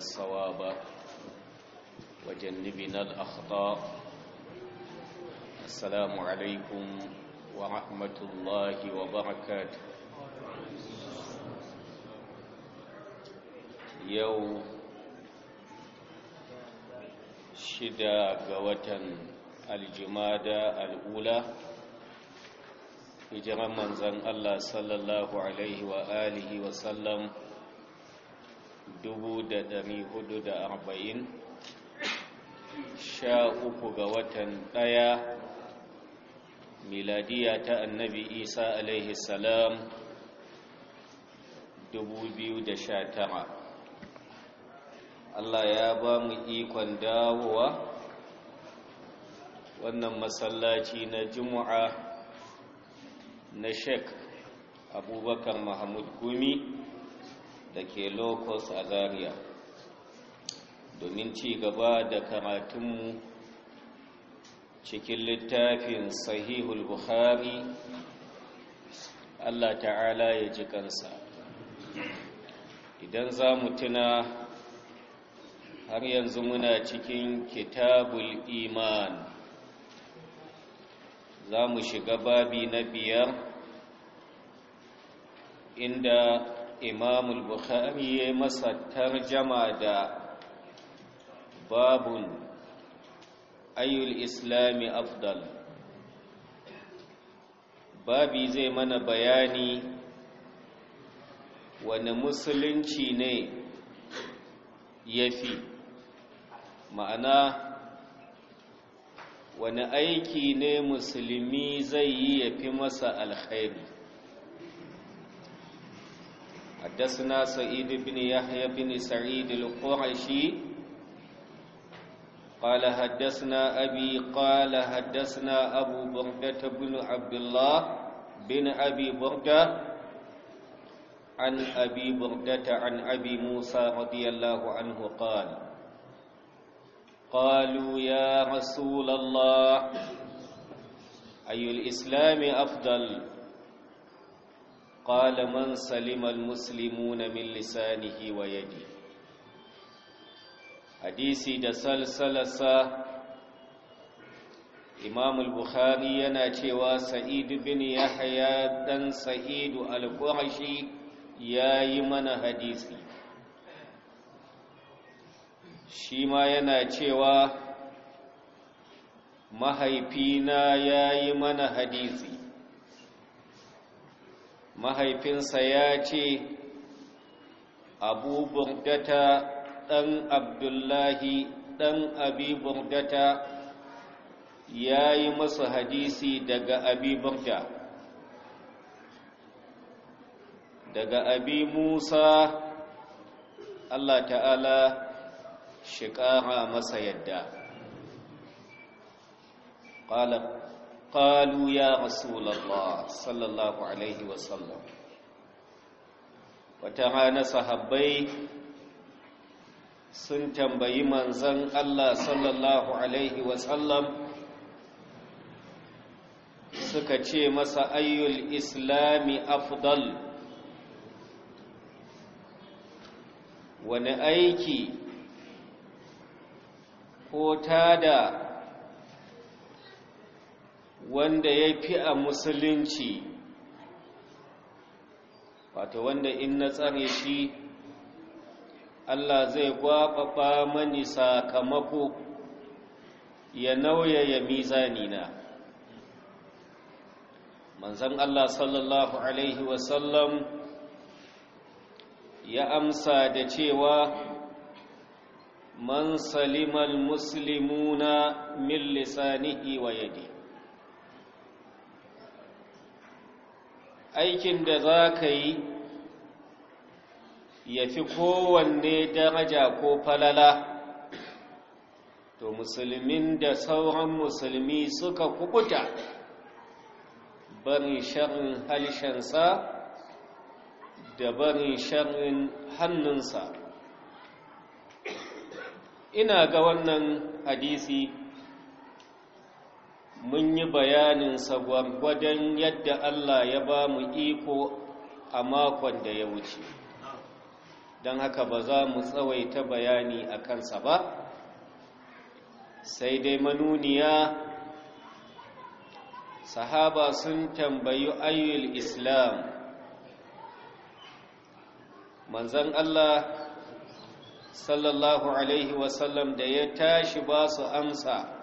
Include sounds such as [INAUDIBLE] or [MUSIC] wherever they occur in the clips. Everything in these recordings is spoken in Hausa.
الصواب وجنبنا الأخطاء السلام عليكم ورحمة الله وبركاته يوم شدا قوة الجمادة الأولى hijiran manzan Allah sallallahu Alaihi wa alihi wasallam 1440 sha uku ga watan ɗaya miladiya ta annabi isa alaihi salam 2019 Allah ya ba mu ikon dawowa wannan masallaci na juma'a na shek abubakar mahmud gumi da ke locus a zaria domin ci gaba da karatunmu cikin littafin sahihul buhari allah ta'ala ya ji kansa idan za mu tuna har yanzu muna cikin kitabul iman za mu shiga babi na biyar inda imam al-bukhari ya masa tarjama da babun ayyul islami afdal babi zai mana bayani wani musulunci ne ya fi ma'ana wani aiki ne musulmi zai yi ya fi masa alkhairi حدثنا سعيد بن يحيى بن سعيد القرشي قال حدثنا أبي قال حدثنا أبو بردة بن عبد الله بن أبي بردة عن أبي بردة عن أبي موسى رضي الله عنه قال قالوا يا رسول الله أي الإسلام أفضل؟ قال من سلم المسلمون من لسانه ويده حديثي da salsalasa Imam al-Bukhari yana cewa Sa'id bin Yahya dan Sa'idu al-Qurashi yayi mana hadisi shi yana cewa mahaifina yayi mana hadisi mahaifinsa ya ce abu ɗan abdullahi ɗan abi burdata ya yi masa hadisi daga abi burda daga abi musa allah ta'ala shi ƙara masa yadda ƙalar قالوا يا رسول الله صلى الله عليه وسلم hana صحابي sun tambayi manzan Allah sallallahu Alaihi wasallam suka ce masa ayyul islami afdal wani aiki ko tada wanda ya fi a musulunci wato wanda in na tsare shi Allah zai gwafafa mani sakamako ya nauyaya mizanina manzan Allah sallallahu Alaihi wasallam ya amsa da cewa man salimal muslimuna min lisanihi wa yadi aikin da za ka yi ya fi kowanne daraja ko falala to musulmin da sauran musulmi suka kukuta barin sharin halshensa da barin sharin hannunsa ina ga wannan hadisi mun yi bayaninsa gwargwadon yadda Allah ya ba mu iko a makon da ya wuce don haka ba za mu tsawaita bayani a kansa ba sai dai manuniya sahaba sun tambayi ayyul islam manzan Allah sallallahu alaihi wasallam da ya tashi ba su amsa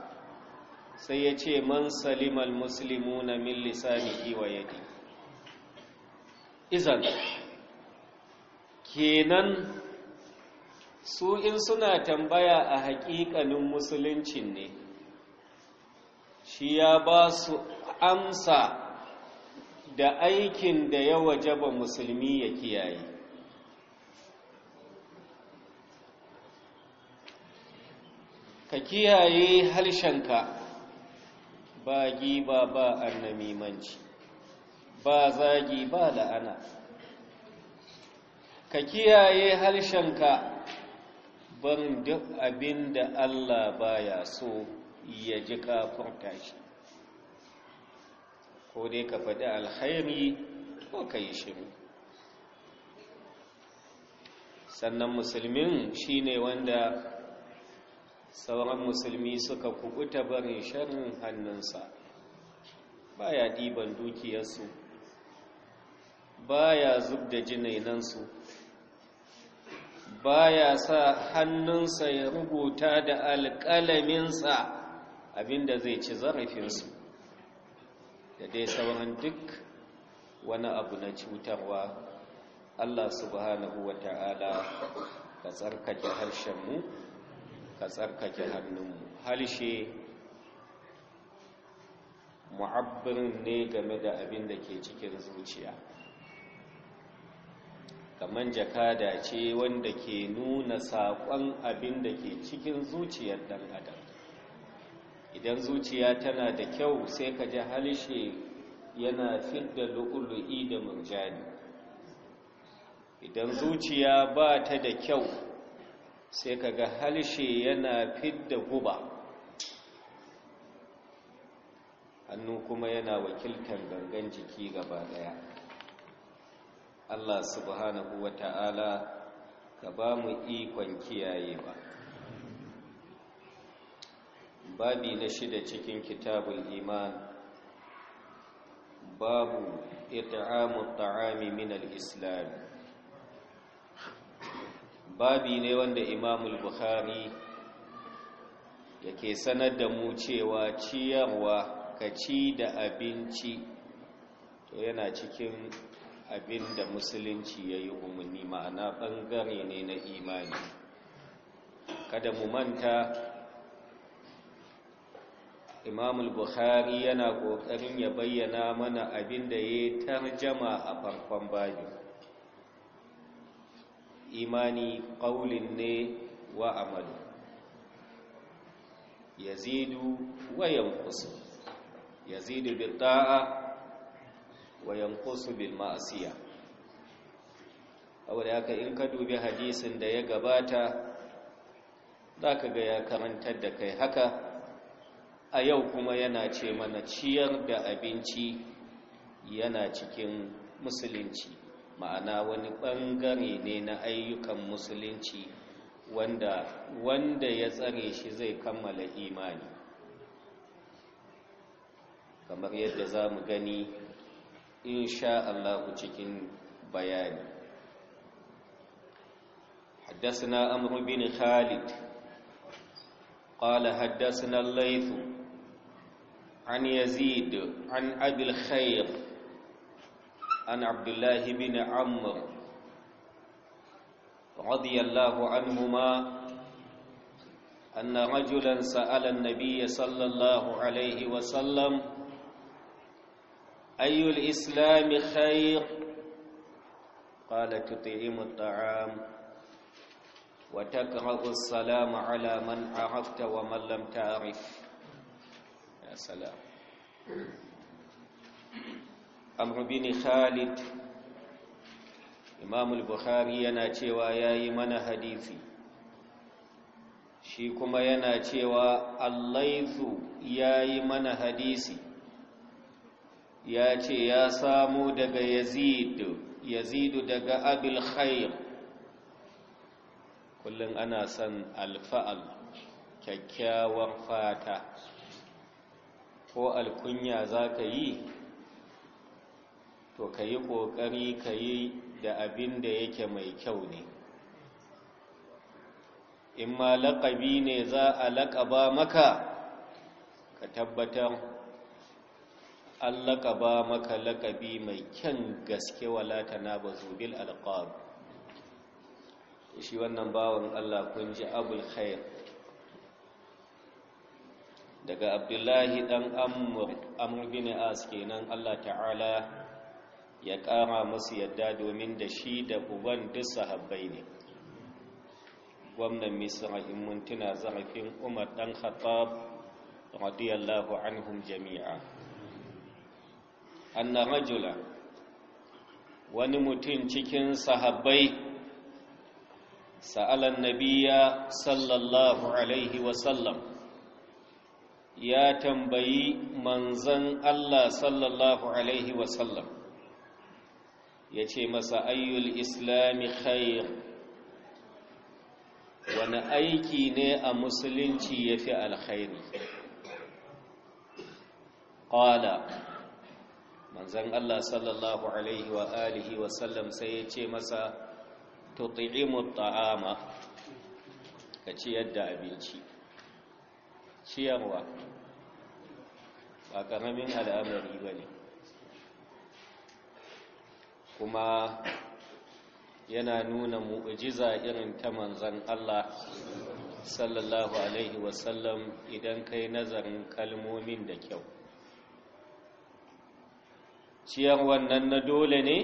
sai ya ce man salimal muslimu na min iwa yadi izan kenan su in suna tambaya a haƙiƙanin musuluncin ne shi ya ba su amsa da aikin da ya wajaba musulmi ya kiyaye ka kiyaye harshenka ba giba ba annamimanci ba zagi ba la'ana ka kiyaye harshenka ban duk abin da Allah ya so ya ji kafin tashi ko dai ka faɗi alhairi ko ka yi shiru sannan musulmin shine wanda sauran musulmi suka kubuta barin sharin hannunsa baya ɗiban dukiyarsu baya zub da jinainansu baya sa hannunsa ya rubuta da alƙalaminsa abinda zai ci zarafinsu da dai sauran duk wani abu na cutarwa Allah subhanahu wa ta'ala ka tsarkake harshenmu ka tsarkake hannunmu halshe mu'abbirin ne game da abin da ke cikin zuciya kamar jakada ce wanda ke nuna saƙon abin da ke cikin zuciyar ɗan adam idan zuciya tana da kyau sai ka ji halshe yana fidda lu'ulu'i da murjani idan zuciya ba ta da kyau sai kaga halshe yana fidda guba hannu kuma yana wakiltar gangan jiki gaba daya Allah subhanahu wata'ala ka ba mu ikon kiyaye ba babi na shida cikin kitabul iman babu ita'amu ta'ami minal islami babi ne wanda imamul bukhari yake sanar da mu cewa ciyarwa ka ci da abinci to yana cikin abin da musulunci ya yi umarni ma'ana ɓangare ne na imani kada mu manta imamul bukhari yana ƙoƙarin ya bayyana mana abin da ya tarjama a farkon babin imani ƙaulin ne wa amalu yazidu wa yankusu yazidu bil ta'a wa yankusu bil ma'asiya ya haka in ka dubi hadisin da ya gabata za ka ga ya karantar da kai haka a yau kuma yana ce mana ciyar da abinci yana cikin musulunci ma'ana wani ɓangare ne na ayyukan musulunci wanda wanda ya tsare shi zai kammala imani kamar yadda za mu gani insha Allah cikin bayani حدثنا أمر بن خالد قال حدثنا الليث عن يزيد عن أبي الخير عن عبد الله بن عمرو رضي الله عنهما أن رجلا سأل النبي صلى الله عليه وسلم أي الإسلام خير قال تطعم الطعام وتكره السلام على من عرفت ومن لم تعرف يا سلام amru bin khalid imam al-bukhari yana cewa yayi mana hadisi shi kuma yana cewa allaizu yayi mana hadisi ya ce ya samu daga yazid yazidu daga abul khair kullum ana son alfa'al kyakkyawar fata ko alkunya za ka yi to ka yi ƙoƙari ka yi da abin da yake mai kyau ne in ma laƙabi ne za a laƙaba maka ka tabbatar an laƙaba maka laƙabi mai kyan gaske walata na ba zubil alƙab shi wannan bawan Allah kun ji abul daga abdullahi ɗan amur amur bin as kenan Allah ta'ala ya ƙara musu yadda domin da shi da uban duk sahabbai ne gwamnan misra in mun tuna zarafin umar ɗan khattab radiyallahu anhum jami'a anna rajula wani mutum cikin sahabbai sa'alan nabiya sallallahu alaihi wasallam ya tambayi manzan Allah sallallahu alaihi wasallam ya ce masa ayyul islami khair wani aiki ne a musulunci ya fi alkhairi ƙwada manzan Allah sallallahu Alaihi wa alihi wasallam sai ya ce masa tuti'imu ta'ama ka ciyar da abinci ciyarwa ba ƙaramin al'amari ba ne kuma yana nuna mu'ujiza irin ta manzan Allah sallallahu alaihi wasallam idan kai nazarin kalmomin da kyau ciyar wannan na dole ne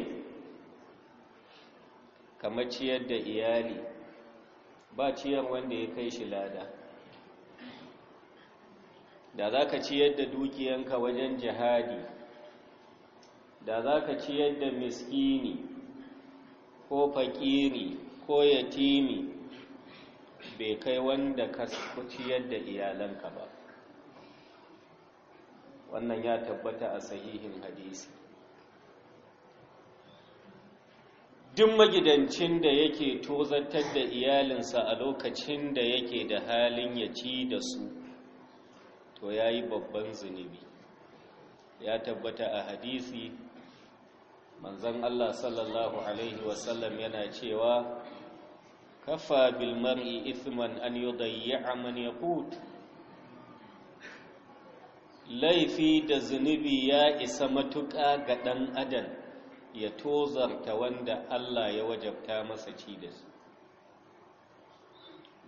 kamar ciyar da iyali ba ciyar wanda ya kai shi lada da za ka ciyar da dukiyanka wajen jihadi da za ka ciyar da miskini ko fakiri ko yatimi bai kai wanda ka ciyar da iyalanka ba wannan ya tabbata a sahihin hadisi duk magidancin da yake tozartar da iyalinsa a lokacin da yake da halin ya ci da su to ya yi babban zunubi ya tabbata a hadisi manzon Allah sallallahu alaihi wasallam yana cewa kafa bil mar'i ithman an yudayya man yaqut laifi da zunubi ya isa matuƙa ga ɗan adam ya tozarta wanda Allah ya wajabta masa ci da su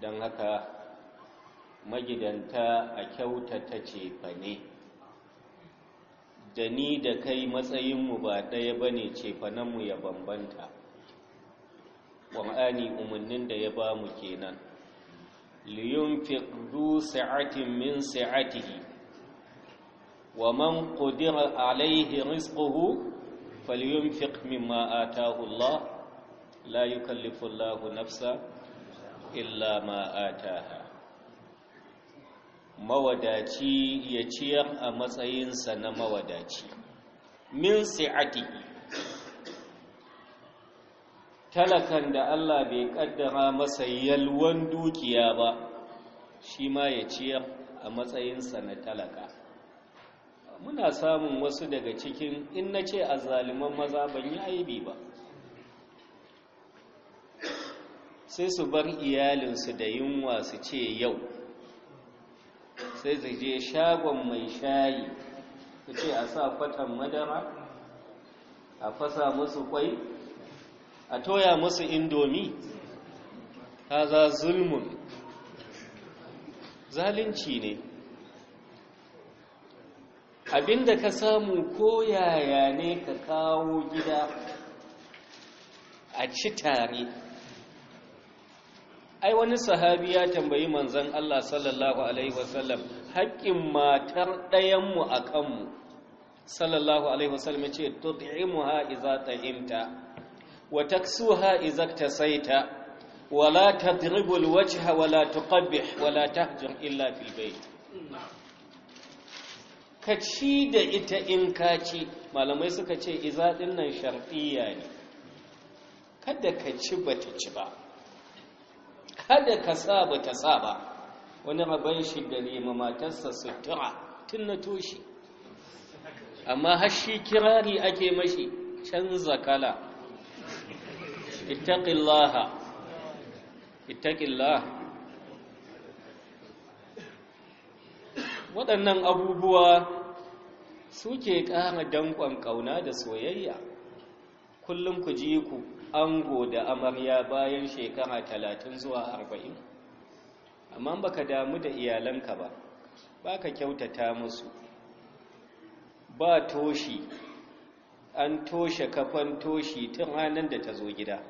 don haka magidanta a kyautata cefane ne da ni da kai matsayinmu ba ɗaya ba ne mu ya bambanta Ƙur'ani umarnin da ya ba mu kenan liyun fiƙdu sa'atin min sa'atihi wa man ƙudira alaihi rizquhu faliyun fiƙ mimma atahu Allah la yukallifullahu Allah nafsa illa ma ataha mawadaci ya ciyar a matsayinsa na mawadaci min si'ati talakan da Allah bai kaddara masa yalwan dukiya ba shi ma ya ciyar a matsayinsa na talaka muna samun wasu daga cikin in na ce a zaliman maza ban yi aibi ba sai su bar iyalinsu da yunwa su ce yau sai zai je shagon mai shayi ya ce a sa kwatan madara a fasa musu kwai a toya musu indomi ta za zulmun zalunci ne abinda ka samu ko yaya ne ka kawo gida a ci tare ai wani sahabi ya tambayi manzon Allah sallallahu alaihi wasallam haƙƙin matar ɗayanmu a kanmu sallallahu alaihi wasallam ya ce tud'imuha ta ta'imta wa taksuha idza tasaita wa la tadribu alwajha wa la tuqabbih wa la tahjur illa fil bayt ka ci da ita in ka ci malamai suka ce iza ɗin nan shar'iyya ne kada ka ci bata ci ba kada ka sa ta sa ba wani rabon shi da nema matarsa sutura tun na toshi amma hashi kirari ake mashi canza kala Itaƙillaha waɗannan abubuwa suke ƙara danƙon ƙauna da soyayya kullum ku ji ku ango da amarya bayan shekara talatin zuwa arba'in amma baka damu da iyalanka ba ba ka kyautata musu ba toshi an toshe kafan toshi tun ranar da ta zo gida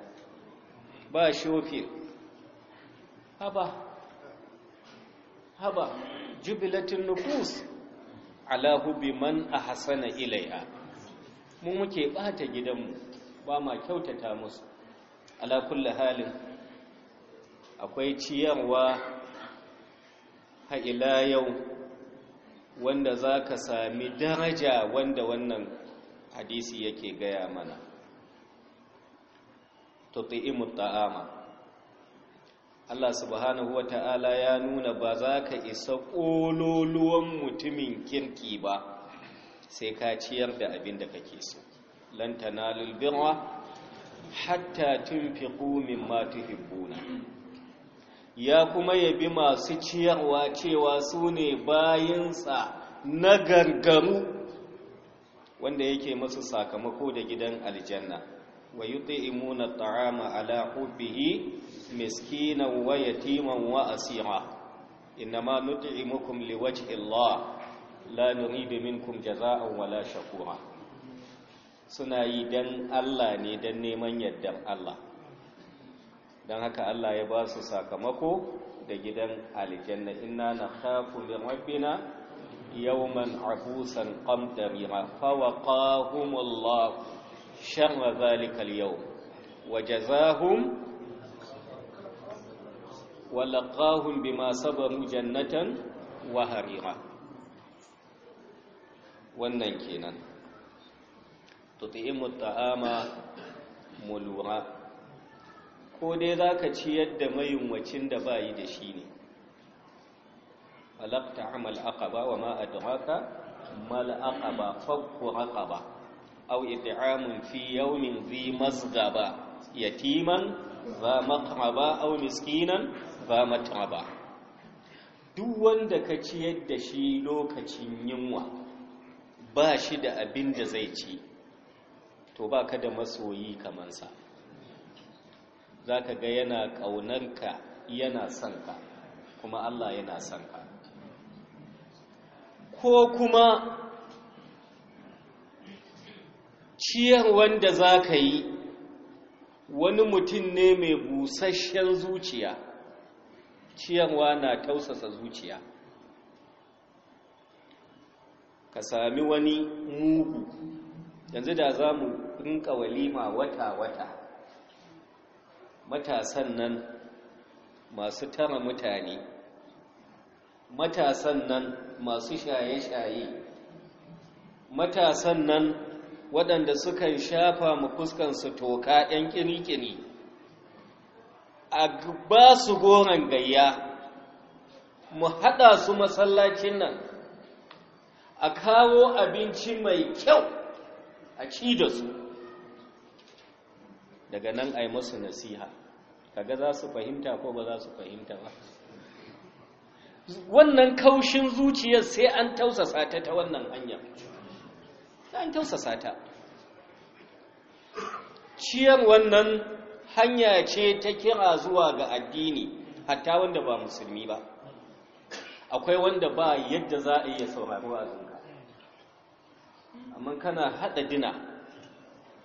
ba shofir haba haba jubilatin nufus ala man a hasana Ilaiya. mu muke bata gidanmu ba ma kyautata musu ala kulle halin akwai ciyarwa haɗila yau wanda za ka sami daraja wanda wannan hadisi yake gaya mana tuti'imu ta'ama Allah subhanahu ta'ala ya nuna ba za ka isa ƙololuwan mutumin kirki ba sai ka ciyar da abin da kake so lan tanalul birra hatta tunfiqu mimma tuhibbuna ya kuma yabi masu ciyarwa cewa sune bayansa bayinsa na gargaru wanda yake masu sakamako da gidan aljanna wa yuti'imuna at'ama ala hubbihi a wa yatiman wa asira inma nut'imukum liwajhi Allah la nuridu minkum jazaa'an wala shakura suna yi don Allah ne don neman yaddan Allah don haka Allah ya ba su sakamako da gidan aljanna inna na khafu li rabbina yawman abusan qamtarira fa waqahumullah sharra zalika al-yawm wa jazahum wa laqahum bima jannatan wa harira wannan kenan tuti'imu ta'ama mulura ko dai za ka ciyar da mayunwacin da ba yi da shi ne falaqta amal aqaba wa ma adraka mal aqaba fakku aqaba aw it'amun fi yawmin dhi masghaba yatiman za maqaba aw miskinan za mataba duk wanda ka ci yadda shi lokacin yunwa ba shi da abin da zai ci to ba ka da masoyi kamansa za ka ga yana ƙaunarka yana son ka kuma Allah yana son ka ko kuma ciyar wanda za ka yi wani mutum ne mai busasshen zuciya ciyarwa na tausasa zuciya ka sami wani mugu yanzu da za mu rinka walima wata-wata matasan nan masu tara mutane matasan nan masu shaye-shaye matasan nan waɗanda sukan shafa mu fuskansu toka ɗan ƙini-ƙini a ba su goron gayya mu haɗa su masallacin nan a kawo abinci mai kyau a ci da su daga nan a yi musu nasiha kaga za su fahimta ko ba za su fahimta ba wannan kaushin zuciyar sai an tausasa ta ta wannan hanya an tausasa ta ciyar wannan hanya ce ta kira zuwa ga addini hatta wanda ba musulmi ba akwai wanda ba yadda za a iya saurari zuwa. amma kana hada dina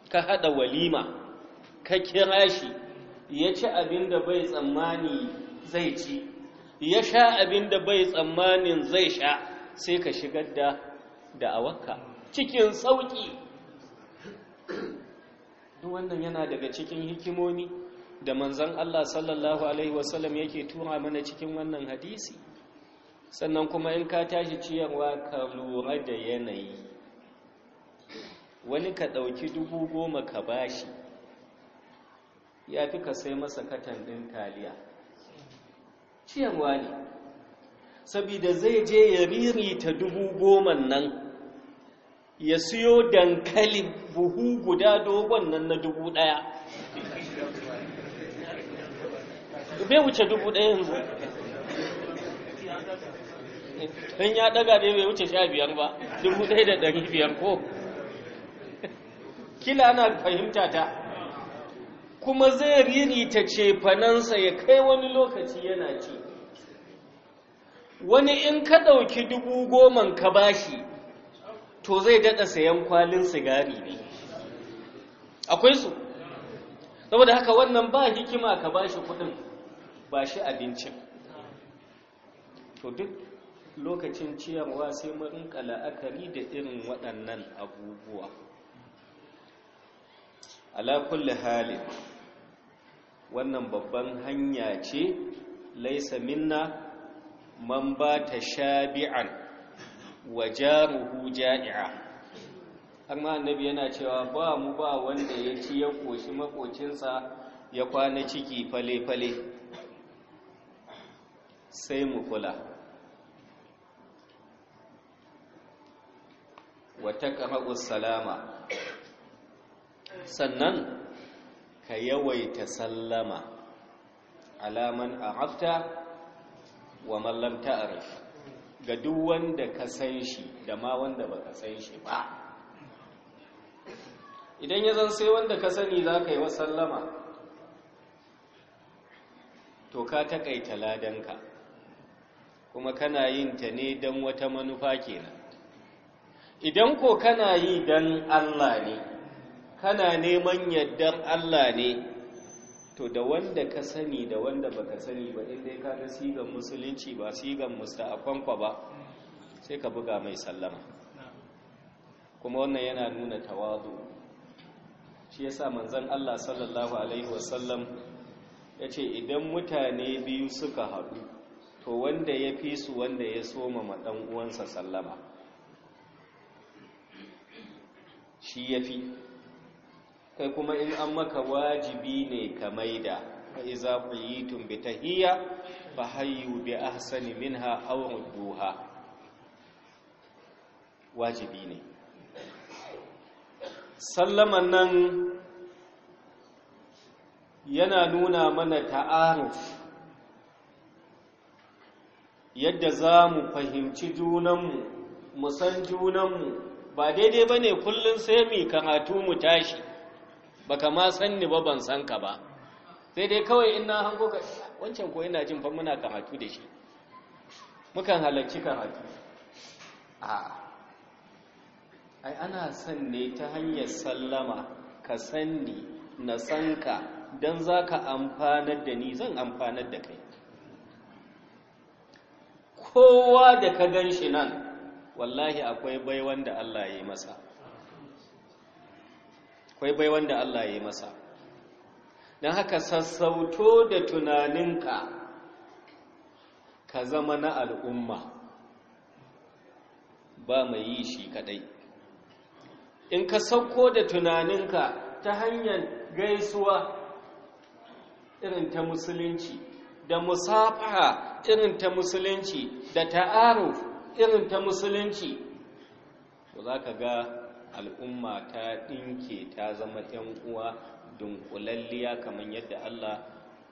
ka hada walima ka kira shi ya ci abin bai tsammani zai ci ya sha abinda bai tsammanin zai sha sai ka shigar da da'awarka cikin sauki duk wannan yana daga cikin hikimomi da manzan Allah sallallahu alaihi wasallam yake tura mana cikin wannan hadisi sannan kuma in ka tashi ciyarwa ka lura da yanayi wani ka ɗauki dubu goma ka bashi ya fi ka sai masa katan ɗin taliya ciyarwa ne saboda zai je ya ririta dubu goman nan ya siyo dankali buhu guda dogon nan na dubu ɗaya bai wuce dubu ɗaya yanzu in ya ɗaga ne bai wuce sha biyar ba dubu ɗaya da ɗari biyar ko kila ana fahimta ta kuma zai ririta cefanansa ya kai wani lokaci yana ci wani in ka ɗauki dubu goma ka bashi to zai daɗa sayan kwalin sigari ne akwai su saboda haka wannan ba hikima ka bashi kuɗin ba shi abincin to duk lokacin ciyarwa sai marin la'akari da irin waɗannan abubuwa ala kulli halin wannan babban hanya ce laisa minna man ba ta shabi'an wa jaruhu ja'i'a amma annabi yana cewa ba mu ba wanda ya ci ya koshi makocinsa ya kwana ciki fale-fale sai mu kula wa kama salama sannan ka yawaita sallama alaman a'afta wa a rashi ga duk wanda ka san shi da ma wanda ba ka san shi ba idan ya zan sai wanda ka sani za ka yi wa sallama to ka taƙaita ladanka kuma kana yin ta ne don wata manufa kenan idan ko kana yi don Allah ne kana neman yardar Allah ne to da wanda ka sani da wanda baka sani ba inda dai ka ga sigan musulunci ba sigan musta'afanka ba sai ka buga mai sallama kuma wannan yana nuna tawadu shi yasa manzon Allah sallallahu alaihi wasallam yace idan mutane biyu suka haɗu to wanda ya fi su wanda ya soma ma dan uwansa sallama shi yafi kai kuma in an maka wajibi ne ka maida fa iza quyitum bi tahiyya fa hayyu bi ahsani minha aw rudduha wajibi ne sallaman nan yana nuna mana ta'aruf yadda za mu fahimci junanmu mu san junan mu ba daidai bane ne kullum sai mai karatu mu tashi baka ma san ni ba ban san ka ba sai dai kawai in na hango ka wancan ko ina jin fa muna hatu da shi mukan halarci hatu a ai ana san ne ta hanyar sallama ka san ni na san ka dan zaka ka amfanar da ni zan amfanar da kai kowa da ka ganshi shi nan wallahi akwai baiwan da Allah ya yi masa akwai bai wanda Allah ya yi masa don haka sassauto da tunaninka ka zama na al'umma ba mai yi shi kadai in ka sauko da tunaninka ta hanyar gaisuwa irin ta musulunci da musafaha irin ta musulunci da ta'aruf irin ta musulunci za ka ga al'umma ta ɗinke ta zama ‘yan uwa dunkulalliya kamar yadda Allah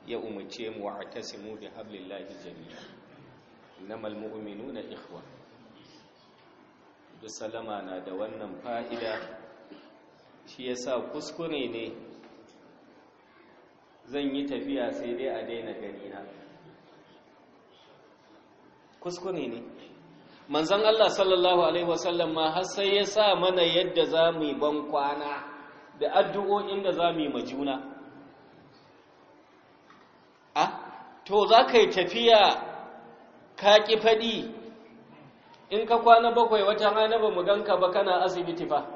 ya umarce mu a tasimu bi hablillahi jami'a innamal mu'minuna ikhwa duk salama na da wannan fa'ida shi yasa kuskure ne zan yi tafiya sai dai a daina gani na kuskure ne manzon Allah sallallahu alaihi wasallam ma har sai ya sa mana yadda za mu yi ban kwana da addu'o'in da za mu yi majuna a to za ka yi tafiya ka ƙi faɗi in ka kwana bakwai wata rana ba mu ganka ba kana asibiti ba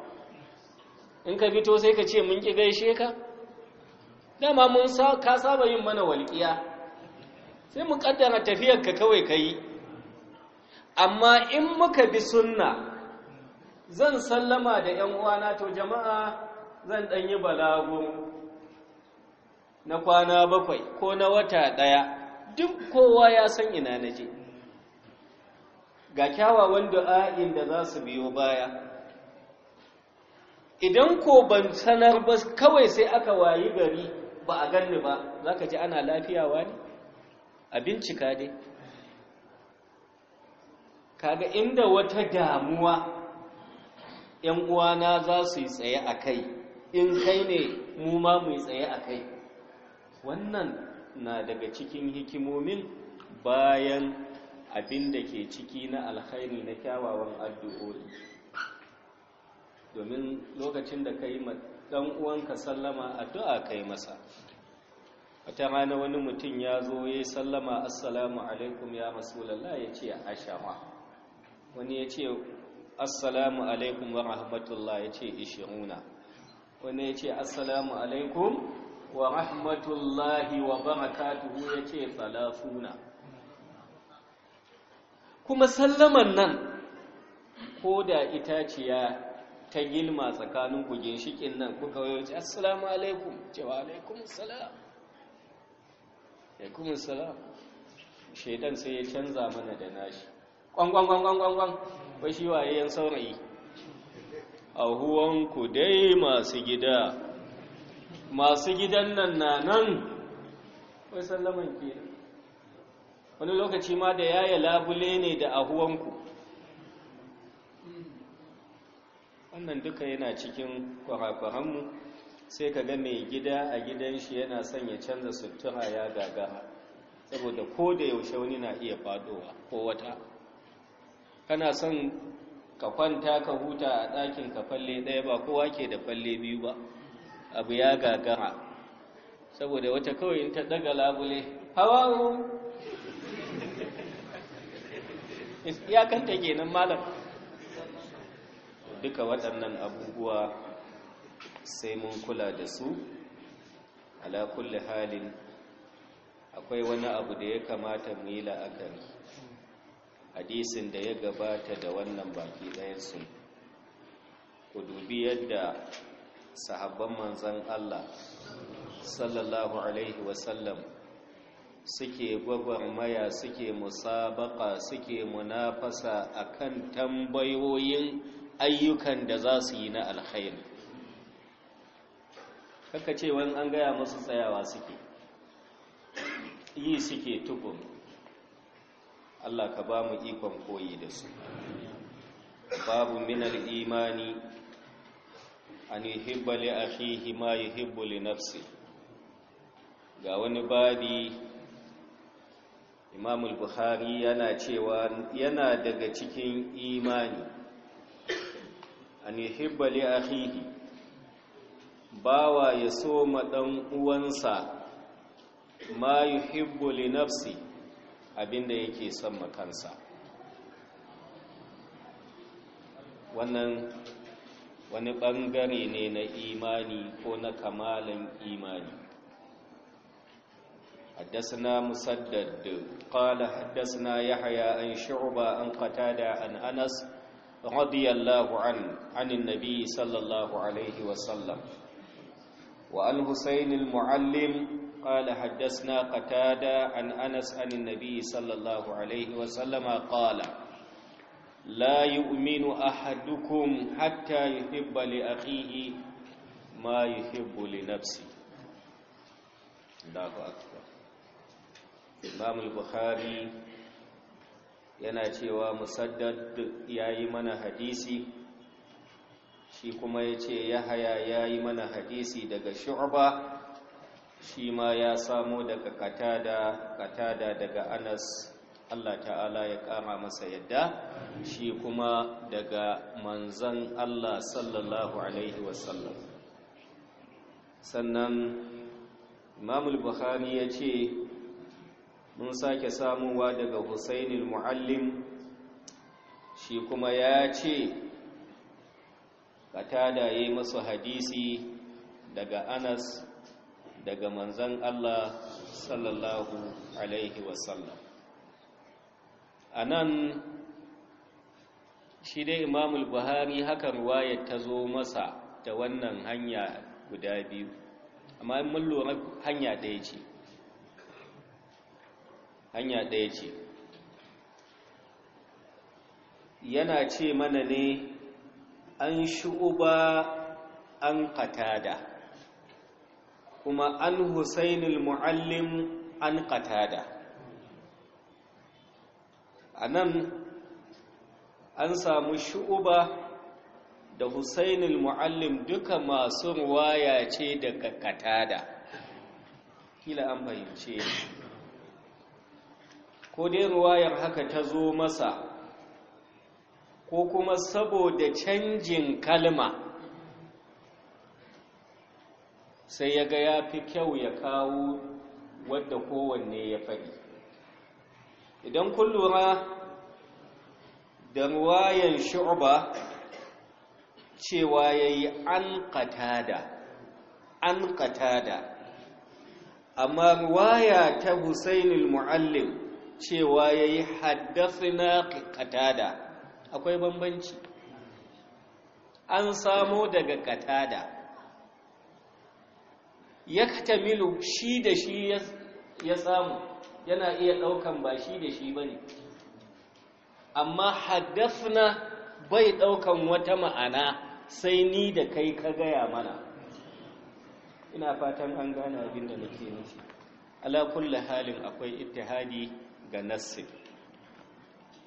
in ka fito sai ka ce mun ƙi gaishe ka dama mun ka saba yin mana walƙiya sai mu ƙaddara tafiyar ka kawai ka yi amma in muka bi sunna zan sallama da ‘yan uwana to jama'a zan yi balago na kwana bakwai ko na wata ɗaya duk kowa ya san ina na ga kyawawan du'a'in da za su biyo baya idan ko ban sanar ba kawai sai aka wayi gari ba a ganni ba za ka ji ana lafiyawa ne a dai kaga inda wata damuwa ‘yan uwana za su yi tsaye a kai in kai ne mu ma mu yi tsaye a kai wannan na daga cikin hikimomin bayan abin da ke ciki na alkhairi na kyawawan addu'o'i domin lokacin da ka yi ɗan uwanka sallama addu'a ka yi masa wata rana wani mutum ya zo ya yi sallama assalamu alaikum ya masu ya ce a shama wani ya ce assalamu alaikum wa rahmatullah ya ce ishiruna wani ya ce assalamu alaikum wa rahmatullah wa barakatuhu ya ce talafuna kuma sallaman nan ko da itaciya ta gilma tsakanin kujin ginshikin nan kuka ce assalamu alaikum cewa alaikum salam alaikum salam shaidan sai ya canza mana da nashi kwan, kwan, kwan, wai shi waye yan saurayi a huwanku dai masu gida masu gidan nan na nan wai sallaman ke wani lokaci ma da yaya labule ne da a ahuwanku wannan duka yana cikin kwarafaranmu sai ka ga mai gida a gidan shi yana son ya canza sutura ya gagara saboda ko da yaushe wani na iya fadowa ko wata kana son ka kwanta ka huta a ɗakin ka falle ɗaya ba kowa ke da falle biyu ba abu ya gagara saboda wata kawai in ta daga labule ya iyakanta kenan malam duka waɗannan abubuwa sai mun kula da su ala kulle halin akwai wani abu da ya kamata mu yi la'akari hadisin da ya gabata da wannan baki ɗayansu ku dubi yadda sahabban manzan Allah sallallahu alaihi wasallam suke gwagwarmaya suke musabaka suke munafasa akan tambayoyin ayyukan da za su yi na alkhairi kaka ce wani an gaya masu tsayawa suke yi suke tukun Allah ka ba mu ikon koyi da su babu minar imani an yuhibba li akhihi ma yuhibbu li nafsi ga wani babi Imam Buhari bukhari yana cewa yana daga cikin imani an yuhibba li akhihi bawa ya so ma dan uwansa ma yuhibbu li nafsi abinda yake son makansa wannan wani ɓangare ne na imani ko na kamalan imani حدثنا مسدد قال حدثنا يحيى عن شعبة عن قتادة عن أنس رضي الله عنه عن النبي صلى الله عليه وسلم وعن حسين المعلم قال حدثنا قتادة عن أنس عن النبي صلى الله عليه وسلم قال لا يؤمن أحدكم حتى يحب لأخيه ما يحب لنفسه الله أكبر Imam Bukhari yana cewa Musaddad yayi mana hadisi shi kuma yace Yahaya yayi mana hadisi daga Shu'ba shi ma ya samo daga katada katada daga anas Allah ta'ala ya kama masa yadda shi kuma daga manzan Allah sallallahu alaihi wasallam sannan imamul Buhari ya ce mun sake samuwa daga husainul muallim shi kuma ya ce katada ya yi masu hadisi daga anas daga manzan Allah sallallahu alaihi wasallam a nan shi dai imamul buhari haka ruwayar ta zo masa da wannan hanya guda biyu amma in mun hanya ɗaya ce hanya ɗaya ce yana ce mana ne an ba an da kuma an husainul muallim an qatada anan an samu shu'uba da husainul muallim duka masu ruwaya ce daga qatada kila an bayyace ko dai ruwayar haka ta zo masa ko kuma saboda canjin kalma sai ya ga ya fi kyau ya kawo wadda kowanne ya faɗi idan kun lura da ruwayan shu'ba cewa ya yi an katada an katada amma ruwaya ta husainul mu'allim cewa ya yi na katada akwai bambanci an samo daga katada yaktamilu shi da shi ya samu yana iya ɗaukan ba shi da shi ba ne, amma haddafna bai ɗaukan wata ma'ana sai ni da kai ka gaya mana ina fatan an gane abin da nake nufi ala halin akwai ittihadi ga nassi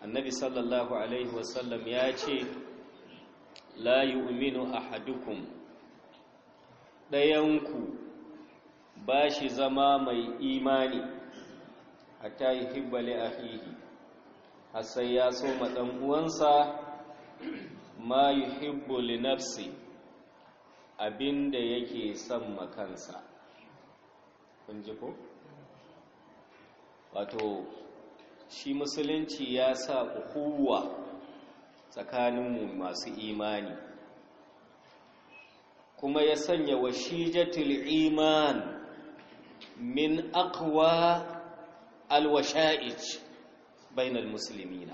annabi sallallahu alaihi wasallam ya ce la a hadukun. Ɗayanku. ba shi zama mai imani hatta yi hibbali a hihi sai ya so ɗan uwansa ma yi hibbali nafsi abinda yake son makansa kun ji ko? wato shi musulunci ya sa tsakanin tsakaninmu masu imani kuma ya sanya wa shi washijatul iman min aqwa alwasha'ij bainal almuslimina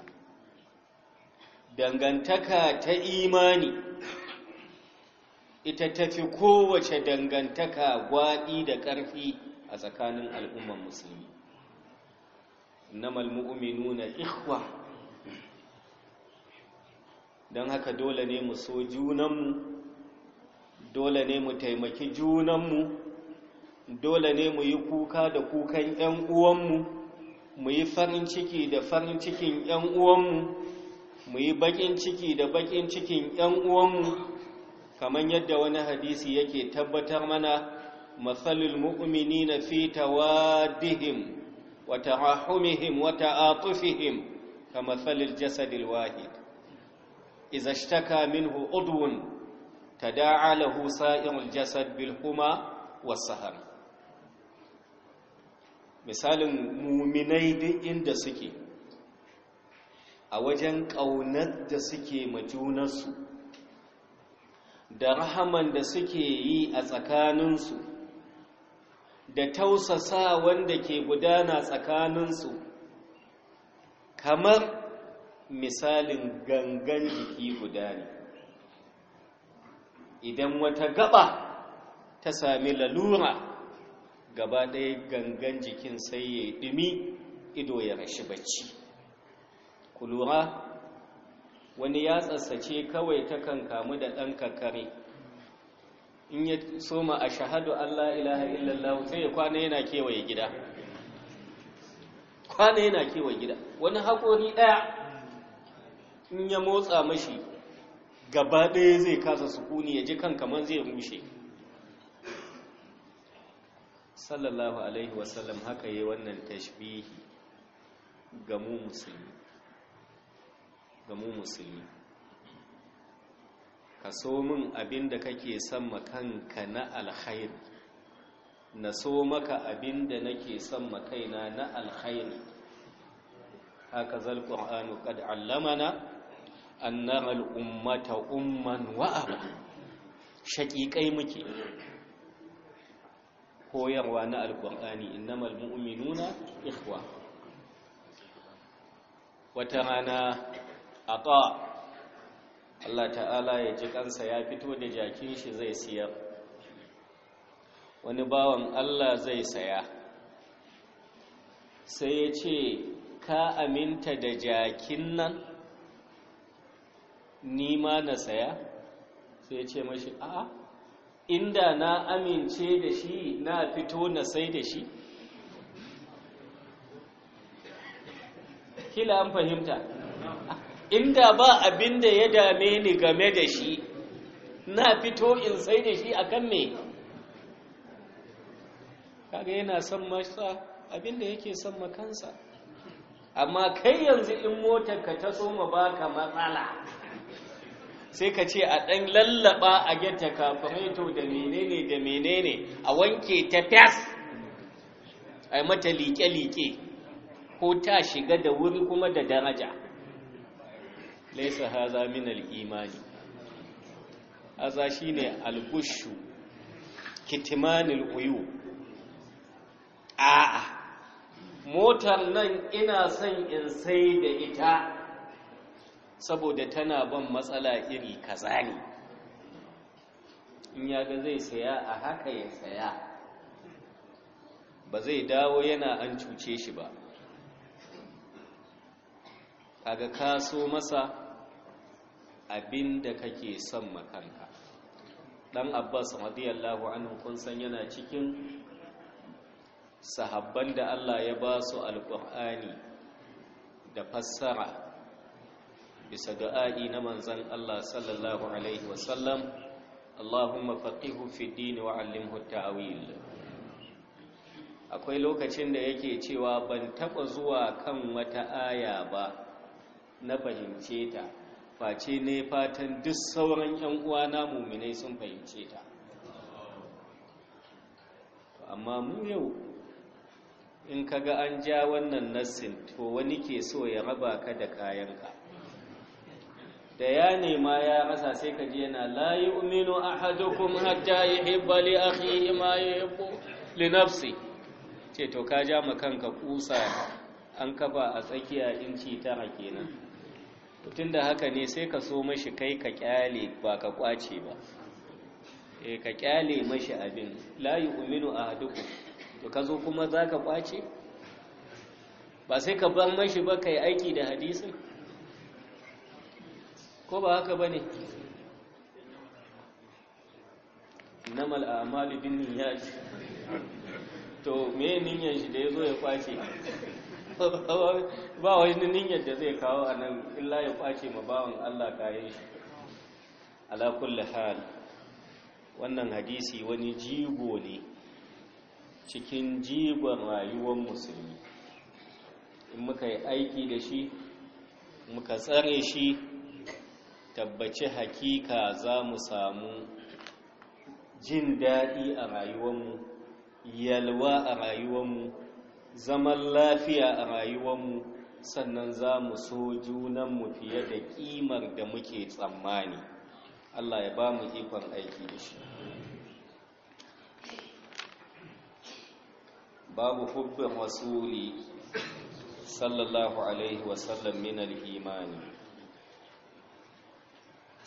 dangantaka ta imani ita tafi kowace dangantaka gwadi da ƙarfi a tsakanin al'umman musulmi innamal mu'minuna ikhwa dan haka dole ne mu so junanmu dole ne mu taimaki junanmu dole ne mu yi kuka da kukan 'yan uwanmu mu yi farin ciki da farin cikin 'yan uwanmu mu yi bakin ciki da baƙin cikin 'yan uwanmu kamar yadda wani hadisi yake tabbatar mana matsalul mu’umini na fi dihim wa rahumihim, wa atufihim, ka matsalul jasadil wahid iza shtaka minhu udwun tada'a lahu sa'irul jasad bil huma wasu hari misalin muminai duk inda suke a wajen ƙaunar da suke majunarsu da rahaman da suke yi a tsakaninsu da tausasa wanda ke gudana tsakaninsu kamar misalin gangan jiki guda ne idan wata gaba ta sami lalura gaba ɗaya gangan jikin sai ya ɗumi ido ya rashi bacci ku lura wani ya tsatsace kawai takan kamu da ɗan kakare in ya soma a shahadu Allah ilaha illallah sai ya kwana yana kewaye gida kwana yana kewaye gida wani haƙori ɗaya in ya motsa mashi gaba ɗaya zai kasa sukuni ya ji kan kamar zai rushe sallallahu alaihi wasallam haka yi wannan tashbihi ga mu musulmi ka so min abinda kake son kanka na alkhairi na so maka abinda nake son kaina na alkhairi haka zal qur'anu kad allamana an al ummata umman wa shaƙiƙai muke koyarwa na alkur'ani innamal mu'minuna ikhwa wata rana aqa Allah ta'ala ya ji kansa ya fito da jakin shi zai siyar wani bawan Allah zai saya sai ya ce ka aminta da jakin nan ni ma na saya sai ya ce mashi a'a inda na amince da shi na fito na sai da shi kila an fahimta inda ba abin da ya dame ni game da shi na fito in sai da shi akan me kaga yana son masa abin da yake son makansa amma kai yanzu in motar ka ta tsoma baka matsala sai ka ce a ɗan lallaba a gyata kafameto da menene da menene a wanke ta fas a yi mata liƙe-liƙe ko ta shiga da wuri kuma da daraja laisa haza min imani. haza shi ne algushu kitimanin uyu a'a motar nan ina son in sai da ita saboda tana ban matsala iri kaza ne in yaga zai saya a haka ya saya ba zai dawo yana an cuce shi ba kaga ka so masa abin da kake son makanka dan abbas radiyallahu anhu kun san yana cikin sahabban da Allah ya ba su alqur'ani da fassara bisa du'a'i na manzan Allah sallallahu alaihi wasallam Allahumma faqihu fi dini wa 'allimhu ta'wil akwai lokacin da yake cewa ban taɓa zuwa kan wata aya ba na fahimce ta face ne fatan duk sauran yan uwana mu'minai sun fahimce ta amma mu yau in kaga an ja wannan nassin to wani ke so ya raba ka da kayanka da ya nema ya rasa sai ka ji yana la yu'minu ahadukum hatta yuhibba li akhihi ma yuhibbu li nafsi ce to ka ja ma kanka kusa an kafa a tsakiya inci tara kenan tun da haka ne sai ka so mashi kai ka kyale ba ka kwace ba E, ka kyale mashi abin la a ahadukum to ka zo kuma za ka kwace ba sai ka bar mashi ba kai aiki da hadisun ko ba haka ba ne namal amalu bin to me niyyar shi da ya zo ya kwace ba wani niyyar da zai kawo a nan illa ya kwace ma bawan Allah kayan shi ala kulli hal wannan hadisi wani jigo ne cikin jigon rayuwar musulmi in muka yi aiki da shi muka tsare shi tabbaci hakika za mu samu jin daɗi a rayuwarmu yalwa a rayuwarmu zaman lafiya a rayuwanmu sannan za mu so junanmu fiye da ƙimar da muke tsammani Allah ya ba mu ikon aiki da shi babu hubbin wasuli sallallahu alaihi wasallam min al-imani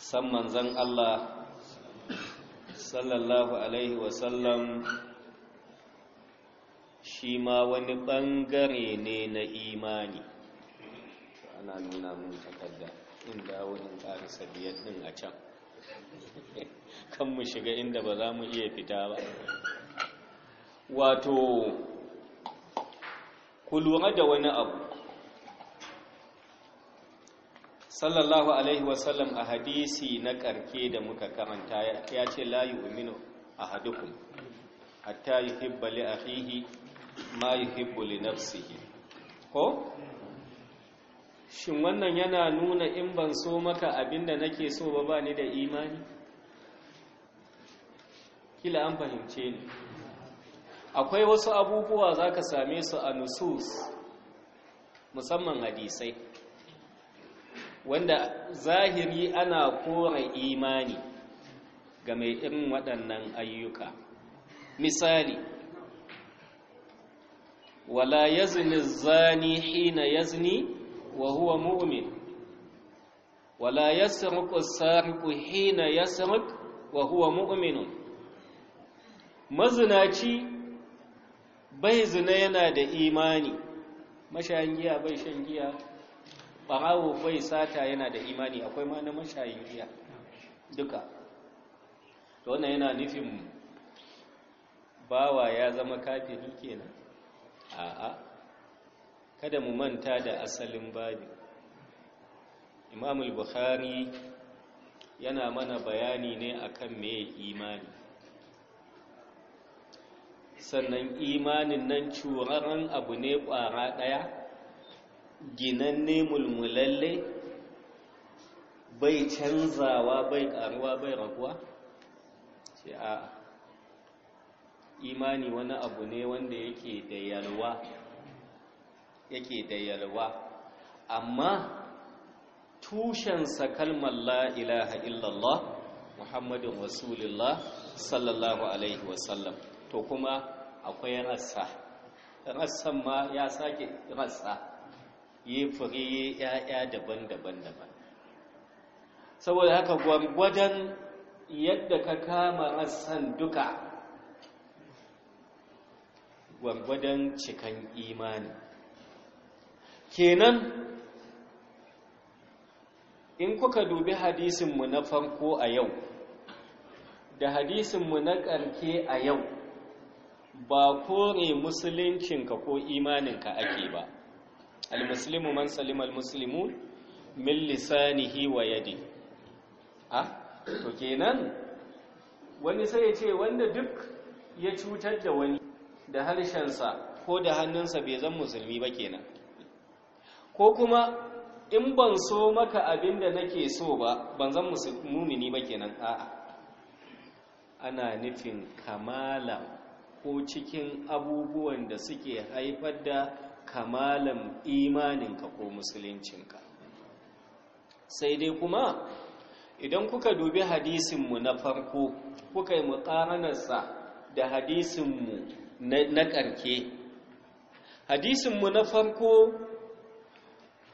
san manzan Allah sallallahu alaihi wasallam shi ma wani bangare ne na imani ana nuna mun takarda inda wurin ƙari sabiyar ɗin a can [LAUGHS] kan mu shiga inda ba za mu iya fita ba wato ku lura da wani abu sallallahu alaihi wasallam a hadisi na karke da muka karanta ya ce layu la A hadukun hatta hibbali a fihi ma yi hibbali na ko shin wannan yana nuna in ban so maka abinda nake so ba ba ni da imani kila an fahimce ni akwai wasu abubuwa za ka same su a nusus musamman hadisai wanda zahiri ana kore imani ga mai irin waɗannan ayyuka misali wala yazni zani hina yazni wa huwa mu'min wala yasriqu sariqu hina yasriq wa huwa mu'min mazinaci bai zina yana da imani mashayin giya bai shan giya barawo bai sata yana da imani akwai ma na mashayin iya duka to wannan yana nufin bawa ya zama kafiri kenan a'a kada mu manta da asalin babi imam al-bukhari yana mana bayani ne akan me imani sannan imanin nan curaren abu ne ƙwara ɗaya ginanne mulmulalle bai canzawa bai karuwa bai raguwa ce a imani wani abu ne wanda yake da yalwa yake da yalwa amma tushensa kalmar la ilaha illallah muhammadin rasulullah sallallahu alaihi wasallam to kuma akwai rassa rassan ma ya sake rassa yi fure yi ‘ya'ya daban-daban daban saboda haka gwargwadon yadda ka kama rassan duka gwargwadon cikan imani kenan in kuka dubi hadisinmu na farko a yau da hadisinmu na ƙarke a yau ba kore musuluncinka ko imaninka ake ba almuslimu man salima Muslimu min lisanihi wa yadi ah to kenan wani sai ya ce wanda duk ya cutar da wani da harshensa ko da hannunsa bai zan musulmi ba kenan ko kuma in ban so maka abinda nake so ba ban zan mumini ba kenan a'a ana nufin kamala ko cikin abubuwan da suke haifar da kamalan imaninka ko musuluncinka sai dai kuma idan kuka dubi hadisinmu na farko kuka yi muƙaranarsa da hadisinmu na ƙarke hadisinmu na farko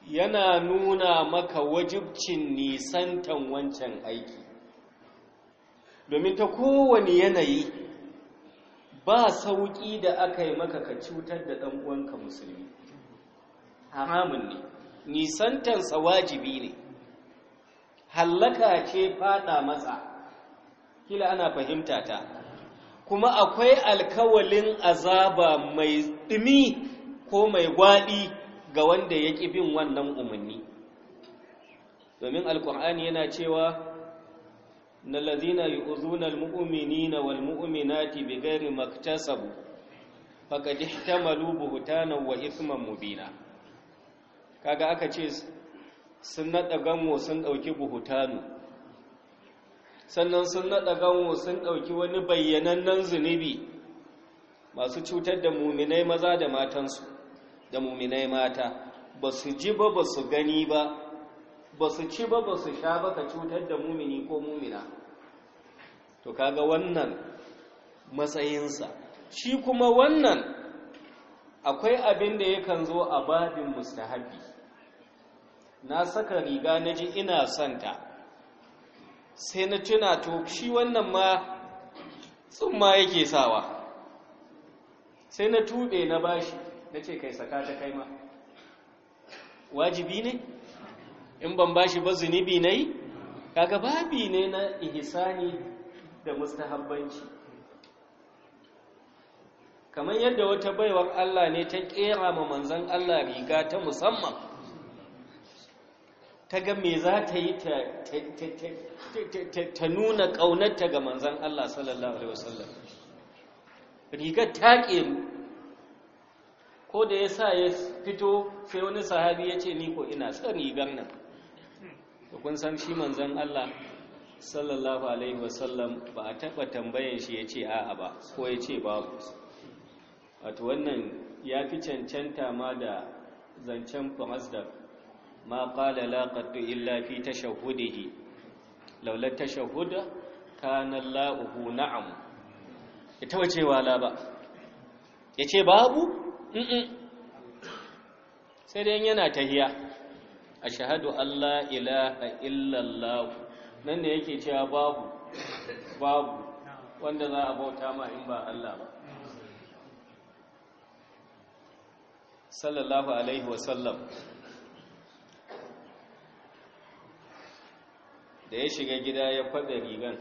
yana nuna maka wajibcin nisantan wancan aiki domin ta kowane yanayi ba sauƙi da aka yi maka ka cutar da ɗan uwanka musulmi haramun ne nisantansa wajibi ne hallaka ce faɗa matsa kila ana fahimta ta kuma akwai alkawalin azaba mai ɗumi ko mai gwaɗi ga wanda ya ƙi bin wannan umarni domin Alƙur'ani yana cewa na lazina yi uzunar mu'umini na bi bigari maktasabu faƙaɗi ta malubu wa isman mubina kaga aka ce sun naɗa ganwo sun ɗauki buhutanu sannan sun naɗa ganwo sun ɗauki wani bayyanannen zunubi masu cutar da muminai maza da matansu da muminai mata ba su ji ba ba su gani ba ba su ci ba ba su sha ba ka cutar da mumini ko mumina to kaga wannan matsayinsa shi kuma wannan akwai abin da yakan zo a babin mustahabi na saka riga na ji ina santa sai na tuna to shi wannan ma tsumma yake sawa sai na tube na bashi na ce kai saka ta kai ma wajibi ne in ban bashi ba zunubi yi kaga babi ne na ihsani da mustahabbanci kamar yadda wata baiwar Allah ne ta kera ma manzon Allah riga ta musamman ta ga me za ta yi ta nuna ƙaunarta ga manzon Allah sallallahu alaihi wasallam rigar ta ƙeru ko da ya sa ya fito sai wani sahabi ya ce ni ko ina son rigar nan to kun san shi manzon Allah sallallahu alaihi wasallam ba a taba tambayan shi yace a'a ba ko yace babu wato wannan ya fi cancanta ma da zancen famasdar ma qala la illa fi tashahhudihi laula tashahhuda kana la'uhu na'am ita wace wala ba yace babu sai dai yana tahiya ashahadu an la ilaha illallah nan ne yake cewa babu babu wanda za a bauta ma in ba Allah ba sallallahu alaihi wasallam da ya shiga gida ya faɗa rigan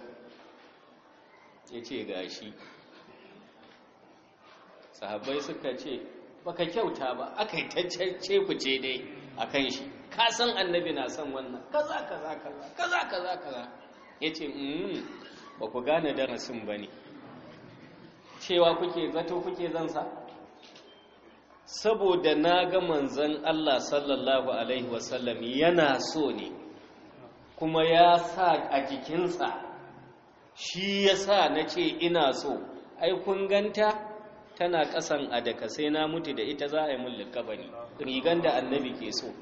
ya ce gashi sahabbai suka ce baka kyauta ba aka yi ta ce dai a kan shi ka san annabi na san wannan kaza kaza kaza kaza kaza kaza yace mmm ba ku gane darasin bane cewa kuke zato kuke zansa saboda na ga manzon Allah sallallahu alaihi wasallam yana so ne kuma ya sa a jikinsa shi ya sa na ce ina so ai kun ganta tana ƙasan adaka sai na mutu da ita za a yi mulka ne. rigan da annabi ke so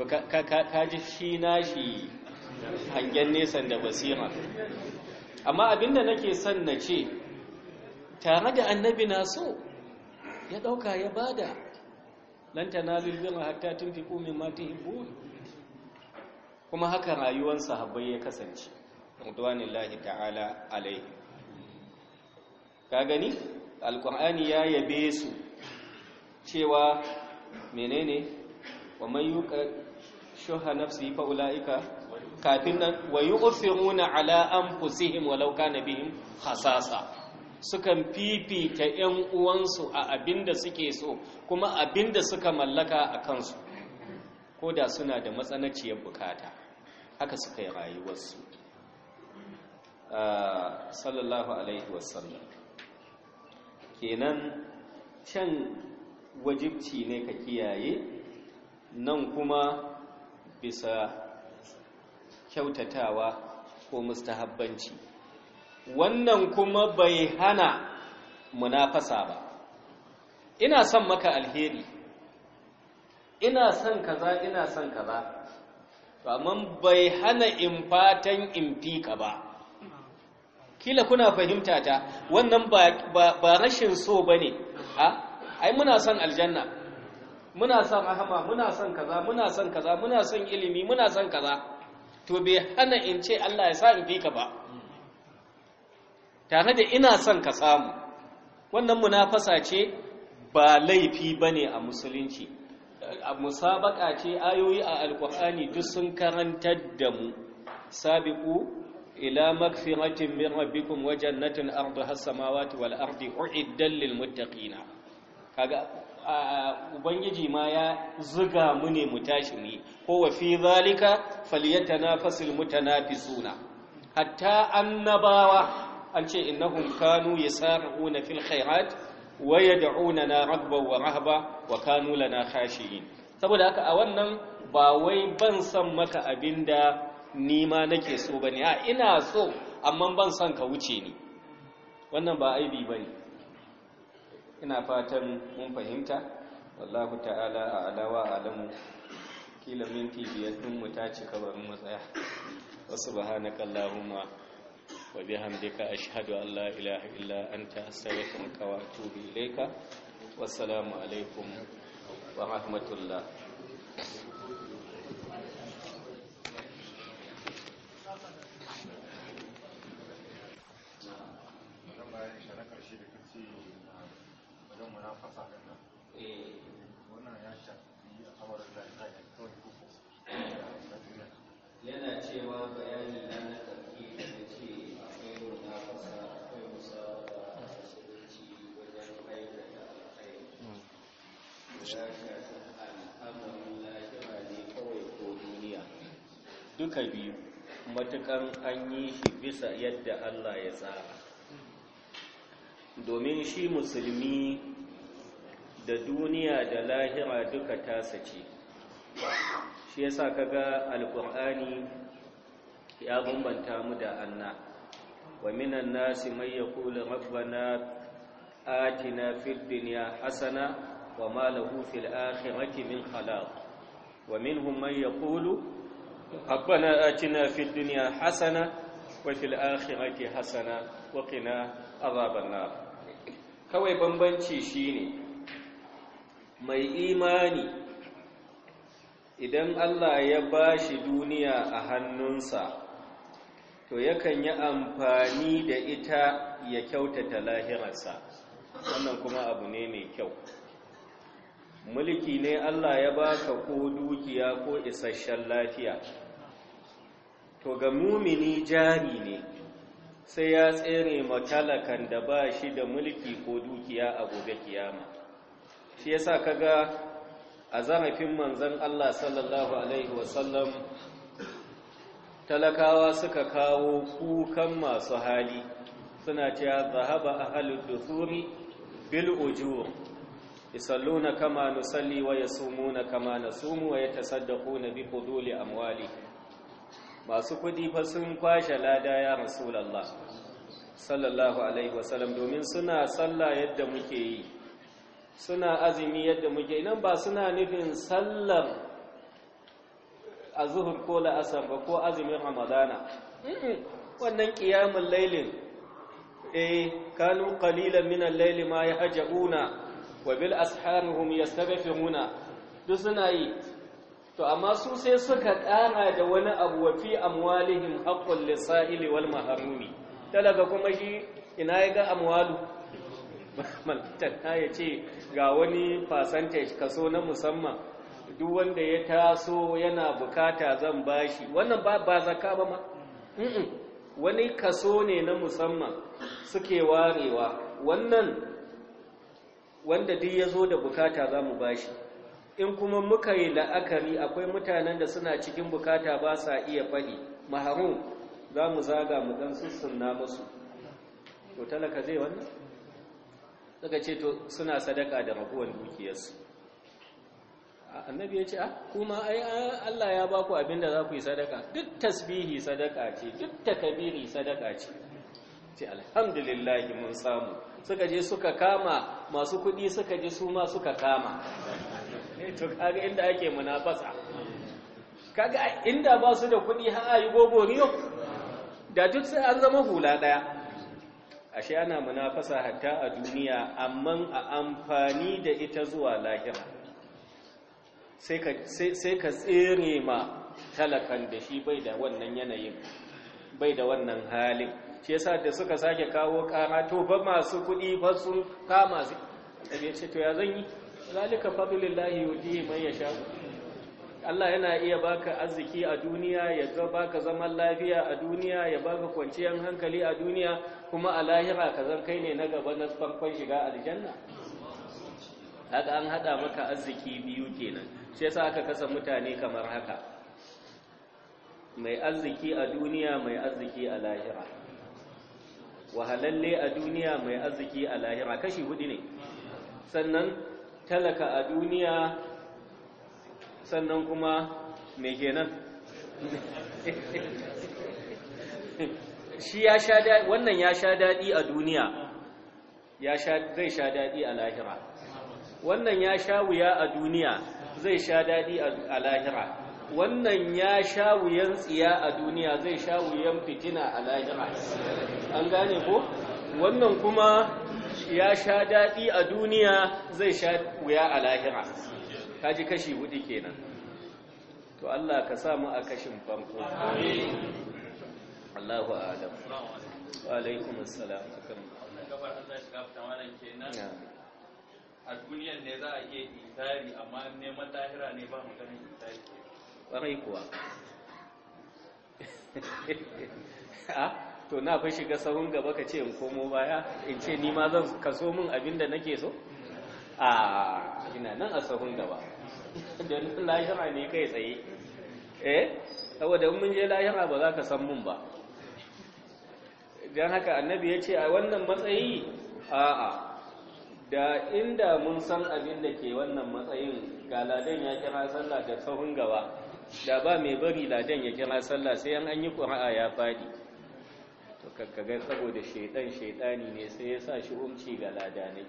to ka ji shi nashi hangen nesa da basira amma abinda nake son na ce tare da annabi na so ya dauka ya bada lan tanalul birra hatta tunfiqu mimma tuhibbun kuma haka rayuwarsa sahabbai ya kasance radwanillahi ta'ala alaihi ka gani alqur'ani ya yabe su cewa menene wa mayuka shuha nafsi fa ulaika kafin nan wa yu'thiruna ala anfusihim walau kana bihim khasasa sukan fifita ƴan uwansu a abinda suke so kuma abinda suka mallaka a kansu koda suna da matsanaciyar bukata haka suka yi rayuwarsu ah, sallallahu alaihi wasallam kenan can wajibci ne ka kiyaye nan kuma bisa kyautatawa ko mustahabbanci wannan kuma bai hana munafasa ba ina son maka alheri ina son kaza ina son kaza to amma bai hana in fatan in fika ba kila kuna fahimta ta wannan ba rashin so bane a ai muna son aljanna muna son rahama muna son kaza muna son kaza muna son ilimi muna son kaza to bai hana in ce Allah ya sa in fi ka ba tare da ina son ka samu wannan munafasa ce ba laifi bane a musulunci a musabaka ce ayoyi a alkur'ani duk sun karantar da mu sabiqu ila magfiratin min rabbikum wa jannatin ardu as-samawati wal ardi uiddat lil muttaqina kaga ubangiji ma ya zuga mu ne mu tashi mu ko wa fi zalika falyatanafasul mutanafisuna hatta annabawa an ce innahum kanu yasaruna fil khairat wa yad'unana rabban wa rahba wa kanu lana khashiin saboda haka a wannan ba wai ban san maka abinda ni ma nake so bane a ina so amma ban san ka wuce ni wannan ba aibi bane ina fatan mun fahimta wallahu ta'ala a alawa alamu kila minti biyar din mu ta cika barin matsaya wa subhanaka allahumma wa bihamdika ashhadu an la ilaha illa anta astaghfiruka wa atubu ilayka wassalamu alaikum wa rahmatullah munafasa yana cewa bayani na na da ya ce akwai munafasa akwai wajen aikata ya shafi al'amarin lafiya ne kawai duniya duka biyu matukan an yi shi bisa yadda Allah ya tsara domin shi musulmi da duniya da lahira duka tasa ce shi yasa kaga alqur'ani ya bambanta mu da anna wa minan nasi may yaqulu rabbana atina fid dunya hasana wa ma lahu fil akhirati min khalaq wa minhum man yaqulu rabbana atina fid dunya hasana wa fil akhirati hasana wa qina adhaban nar kawai bambanci shine mai imani idan Allah ya ba shi duniya a hannunsa to yakan yi amfani da ita ya kyautata lahirarsa wannan kuma abu ne mai kyau mulki ne Allah ya baka ko dukiya ko isasshen lafiya to ga mumini jari ne sai ya tsere matalakan da ba shi da mulki ko dukiya a gobe kiyama shi yasa kaga a zarafin manzan Allah sallallahu alaihi wasallam talakawa suka kawo kukan masu hali suna cewa zahaba a halin dusuri bil ujur na kama nusalli wa na kama nasumu wa na bi a amwali masu kudi fa sun kwashe lada ya rasulullah sallallahu alaihi wasallam domin suna sallah yadda muke yi suna azumi yadda muke nan ba suna nufin sallar azuhur ko la'asar ba ko azumin ramadana wannan ƙiyamun lailin eh kanu qalilan min al-layli ma yahjauna wa bil asharihim yastaghfiruna duk suna yi to amma su sai suka ƙara da wani abu wa fi amwalihim haqqul lisa'ili wal mahrumi talaga kuma shi ina ga amwalu ta ya ce ga wani percentage kaso na musamman duk wanda ya taso yana bukata zan bashi wannan ba ba zaka ba ma wani kaso ne na musamman suke warewa wannan wanda duk ya zo da bukata za mu bashi in kuma muka yi la'akari akwai mutanen da suna cikin bukata ba sa iya faɗi maharu za mu zaga mu ɗan sussunna musu ko talaka zai wannan suka ce to suna sadaka da raguwan dukiyarsu annabi ya ce a ah, kuma ai Allah ya baku abinda za ku yi sadaka duk tasbihi sadaka ce duk takabiri sadaka ce ce alhamdulillahi mun samu suka je suka kama masu kudi suka je su ma suka kama [LAUGHS] to kaga inda ake munafasa kaga inda ba su da kudi har ayi gogoriyo da duk sai an zama hula daya ashe ana munafasa hatta a duniya amma a amfani da ita zuwa lahira sai ka tsere ma talakan da shi bai da wannan yanayin bai da wannan halin shi yasa da suka sake kawo kara to ba masu kuɗi ba sun kama su sai ce to ya zan yi zalika fadlillahi mai man yasha Allah yana iya baka arziki a duniya ya baka zaman lafiya a duniya ya baka kwanciyar hankali a duniya kuma a lahira ka zan kai ne na gaba na farkon shiga aljanna haka an hada maka arziki biyu kenan shi yasa aka kasa mutane kamar haka mai arziki a duniya mai arziki a lahira wahalalle a duniya mai arziki a lahira kashi hudu ne sannan talaka a duniya sannan kuma mai kenan [LAUGHS] shi ya sha daɗi wannan ya sha daɗi a duniya ya sha zai sha daɗi a lahira wannan ya sha wuya a duniya zai sha daɗi a lahira wannan ya sha wuyan tsiya a duniya zai sha wuyan fitina a lahira an gane ko wannan kuma ya sha daɗi a duniya zai sha wuya a lahira kaji kashi hudu kenan to Allah ka samu a kashin farko wa a'lam wa alaikum assalam akan wannan gabar shiga shi gafta malam kenan a duniyar ne za a iya isari amma neman lahira ne ba mu maganin isari kwarai kuwa a ah, to na fa shiga sahun gaba ka ce in komo baya in ce ni ma zan kaso min abin da nake so a ina nan a sahun gaba don lahira ne kai tsaye eh saboda mun je lahira ba za ka san mun ba don haka annabi ya ce a wannan matsayi a'a da inda mun san abin da ke wannan matsayin ga ladan ya kira sallah da tsohon gaba da ba mai bari ladan ya kira sallah sai an yi ƙura'a ya faɗi to kakkagai saboda shaidan shaidani ne sai ya sa shi umci ga ladanai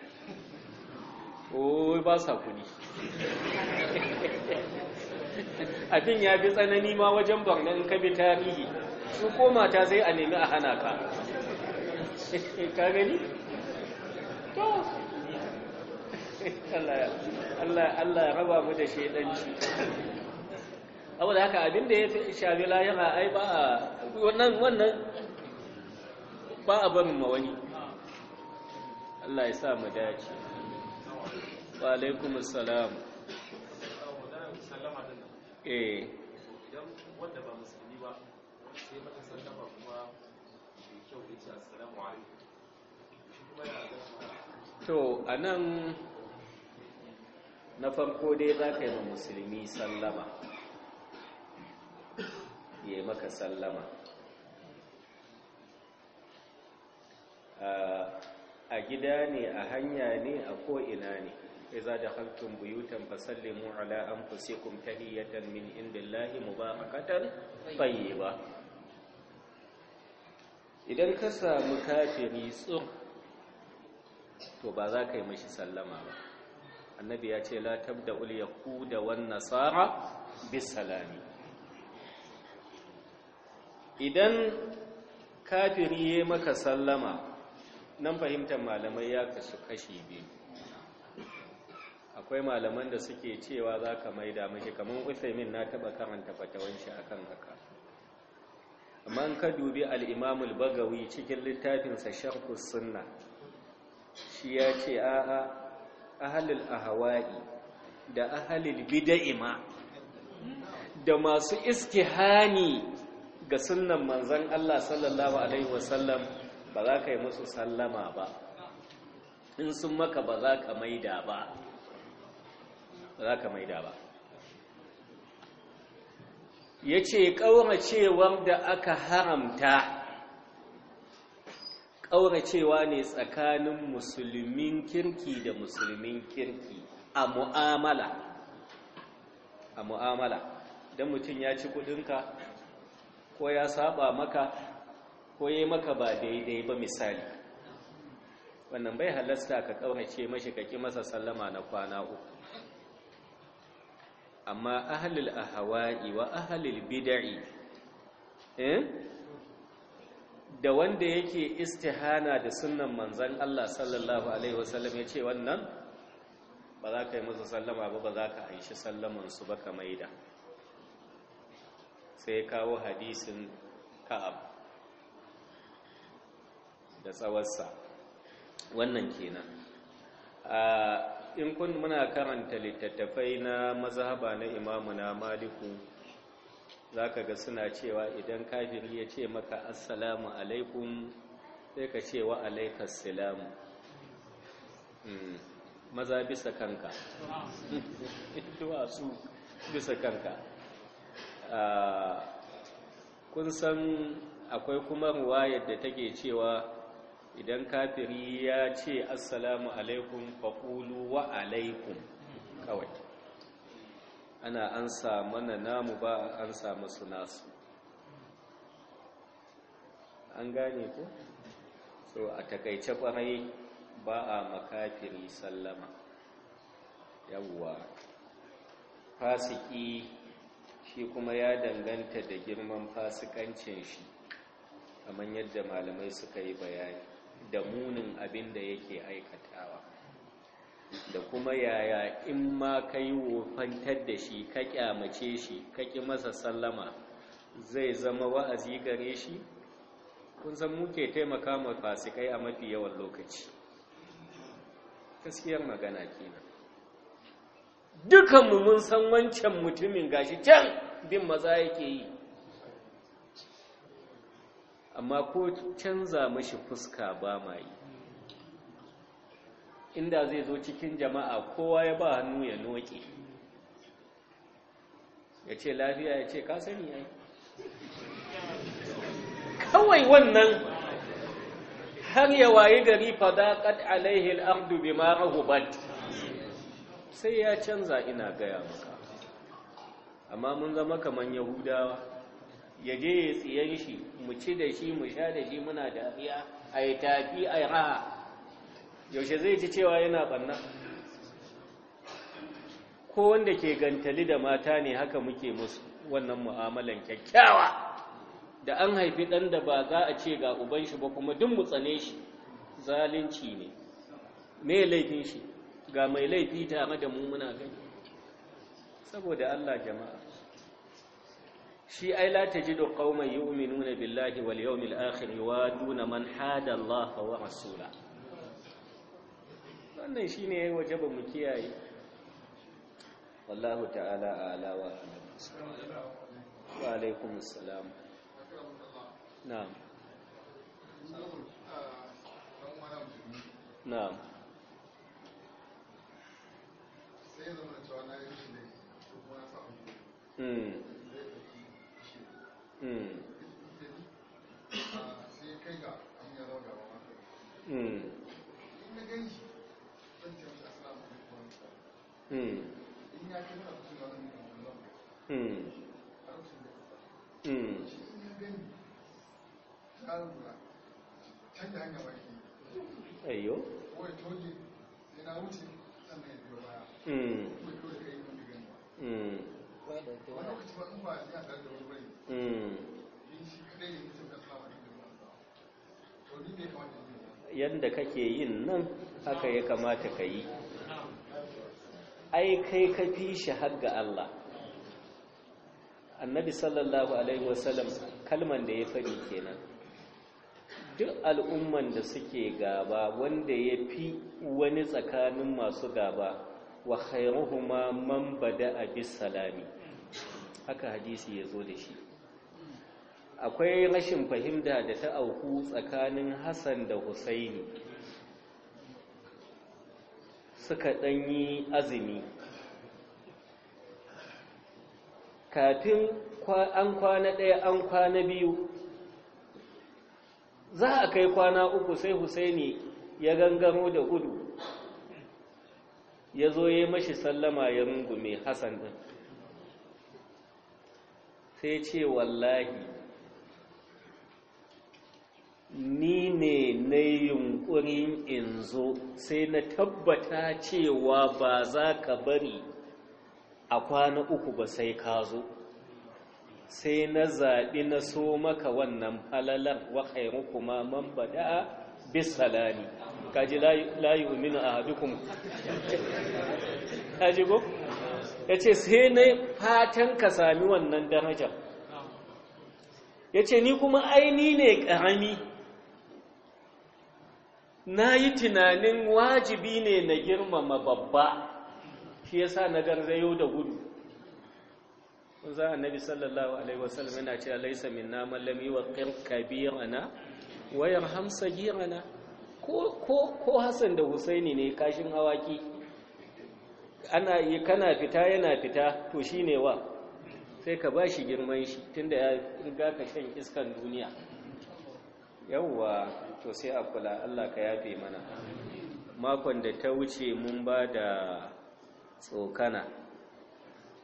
oi ba sa kuni [LAUGHS] abin ya fi tsanani ma wajen barnan kabi tarihi su koma ta sai a nemi a hana ka [LAUGHS] ka to [LAUGHS] Allah ya raba mu da shaidanci abu abinda ya shafi lahira ai ba wannan wannan ba a wani Allah ya sa mu dace wa alaikum assalam eh wanda ba musulmi to a nan na farko dai za ka yi ma musulmi sallama ya yi maka sallama a gida ne a hanya ne a ko'ina ne iza da haltun buyutan fasallimu ala an fusikun tahiyyatan min inda lahi mu ba idan ka samu kafiri tsur to ba za ka yi mashi sallama ba annabi ya ce la da ku da wannan nasara bis salami idan kafiri ya maka sallama nan fahimtar malamai ya kashe kashi biyu akwai malaman da suke cewa za ka maida mashi kamar usaimin na taba karanta fatawanshi a akan haka man ka dubi al'imamul bagawi cikin littafinsa sharkus sunna shi ya ce a'a a ahawa'i da ahalil bida'ima da masu iskihani ga sunnan manzan Allah sallallahu Alaihi wasallam ba za ka yi musu sallama ba in sun maka ba za ka maida ba ya ce ƙauracewar da aka haramta ƙauracewa ne tsakanin musulmin kirki da musulmin kirki a mu'amala a mu'amala don mutum ya ci kudinka ko ya saba maka ko ya maka ba daidai ba misali wannan bai halasta ka ƙaurace mashi kaƙi masa sallama na kwana uku amma ahalil ahwa'i wa ahalil bida'i eh? da wanda yake istihana da sunan manzan Allah sallallahu alaihi wasallam ce wannan ba za ka yi musu sallama ba ba za ka aishi sallaman su ba ka maida sai kawo hadisin ka'ab da tsawarsa wannan kenan ah, in kun muna karanta littattafai na mazhaba na imamu na maliku za ka ga suna cewa idan kafin ya ce maka assalamu alaikum sai ka ce wa alaikas salamu hmm. maza bisa kanka [LAUGHS] duwatsu bisa kanka ah, kun san akwai kuma ruwa da take cewa idan kafiri ya ce assalamu alaikum faƙulu wa alaikum kawai ana an na namu ba an samu su nasu an gane ku so a takaice ƙwarai ba a makafiri sallama yawwa fasiki shi kuma ya danganta da girman fasikancin shi kamar yadda malamai suka yi bayani da munin abin da yake aikatawa da kuma yaya in ma ka yi wofantar da shi ka kyamace shi ka ƙi masa sallama zai zama wa'azi gare shi kun san muke taimaka ma fasikai a mafi yawan lokaci gaskiyar magana kenan dukanmu mun san wancan mutumin gashi can bin maza yake yi amma ko canza mashi fuska ba ma yi inda zai zo cikin jama'a kowa ya ba hannu ya noke ya ce lafiya ya ce ka sani yi. kawai wannan har ya wayi gari kad alaihi al'abdu bi ma'ahubat sai ya canza ina gaya maka amma mun zama kaman yahudawa ya je ya tsiyan shi mu ci da shi mu sha da shi muna dariya a yi tafi a yi raha yaushe zai ci cewa yana ɓanna ko wanda ke gantali da mata ne haka muke musu wannan mu'amalan kyakkyawa da an haifi ɗan da ba za a ce ga uban shi ba kuma duk mu tsane shi zalunci ne me laifin shi ga mai laifi tare da mu muna gani saboda Allah jama'a shi ai la tajidu qauman yu'minuna billahi wal yawmil akhir yuwaduna man hada Allah wa rasula wannan shine yayi wajaba mu kiyaye wallahu ta'ala ala wa alaikum assalam na'am na'am sai zama cewa na yi shi ne kuma na samu sai kai ga an yi rauda wa Hmm. yadda kake yin nan haka ya kamata ka yi ai kai ka fi shi har ga Allah annabi sallallahu alaihi wasallam kalman da ya faɗi kenan duk al'umman da suke gaba wanda ya fi wani tsakanin masu gaba wa khairuhuma man bada abis salami haka hadisi ya zo da shi akwai rashin fahimta da ta auku tsakanin hassan da husaini suka ɗanyi azumi kafin an kwana ɗaya an kwana biyu za a kai kwana uku sai husaini ya gangaro da gudu ya zo ya mashi sallama ya rungume hassan ɗin sai ce wallahi ni ne na yunkurin in zo sai na tabbata cewa ba za ka bari a kwana uku ba sai ka zo sai na zaɓi na so maka wannan falalar wa kuma man bada bisalami kaji layi umina a hadukun kaji ko? ya ce sai na fatan ka sami wannan darajar ya ce ni kuma aini ne ƙarami na yi tunanin wajibi ne na girmama babba shi ya sa na garzayo da gudu za a nabi sallallahu alaihi wasallam yana cewa laisa minna man lam yuqir kabirana wa wayar hamsa ko ko ko Hassan da Husaini ne kashin hawaki ana yi kana fita yana fita to shi ne wa sai ka bashi girman shi tunda ya riga ka shan iskan duniya yawwa to sai a kula Allah ka yafe mana makon da ta wuce mun ba da tsokana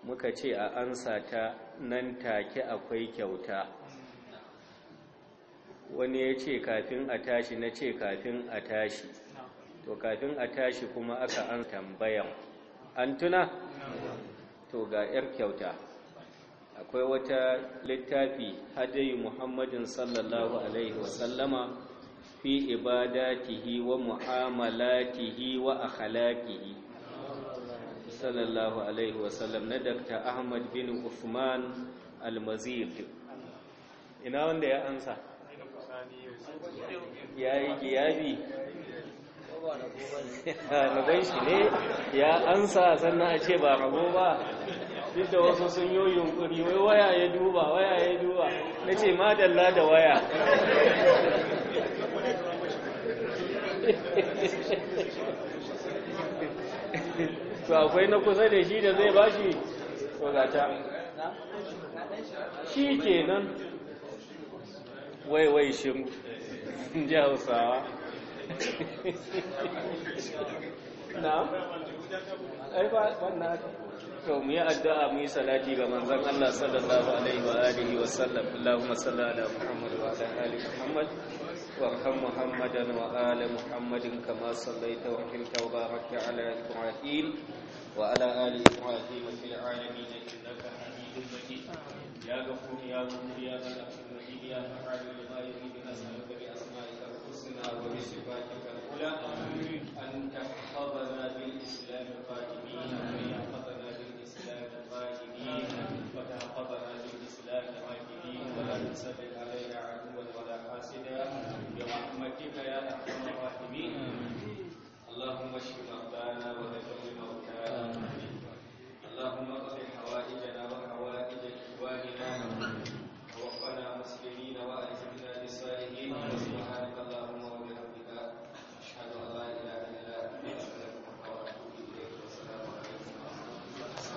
muka ce a ansa ta nan take akwai kyauta wani ya ce kafin a tashi na ce kafin a tashi to kafin a tashi kuma aka an tambayan an tuna to ga 'yar kyauta akwai wata littafi hadayi muhammadin sallallahu alaihi wasallama fi ibadatihi wa mu'amalatihi wa akhlaqihi sallallahu alaihi wa sallam. na Dr. Ahmad bin Usman Al-Mazid ina wanda ya ansa yayi giyabi rabon [LAUGHS] shi ne ya ansa sannan a ce ba rabo ba duk da wasu sun yi yunkuri wai waya ya duba waya ya duba na ce madalla da waya to akwai na kusa da shi da zai bashi wadata shi kenan waiwai shin [LAUGHS] ji hausawa [LAUGHS] na wannan to mu yi addu'a mu yi salati ga manzan Allah sallallahu alaihi wa alihi Allahumma salli wa ala وارحم محمدا وآل محمد كما صليت وحلت وباركت على إبراهيم وعلى آل إبراهيم في العالمين إنك حميد مجيد يا غفور يا غفور يا ملك المجيد يا فعال لما نسألك بأسمائك الحسنى وبصفاتك العلى أن تحفظنا بالإسلام قائمين وأن يحفظنا بالإسلام قائمين وتحفظنا بالإسلام راكبين ولا تنسى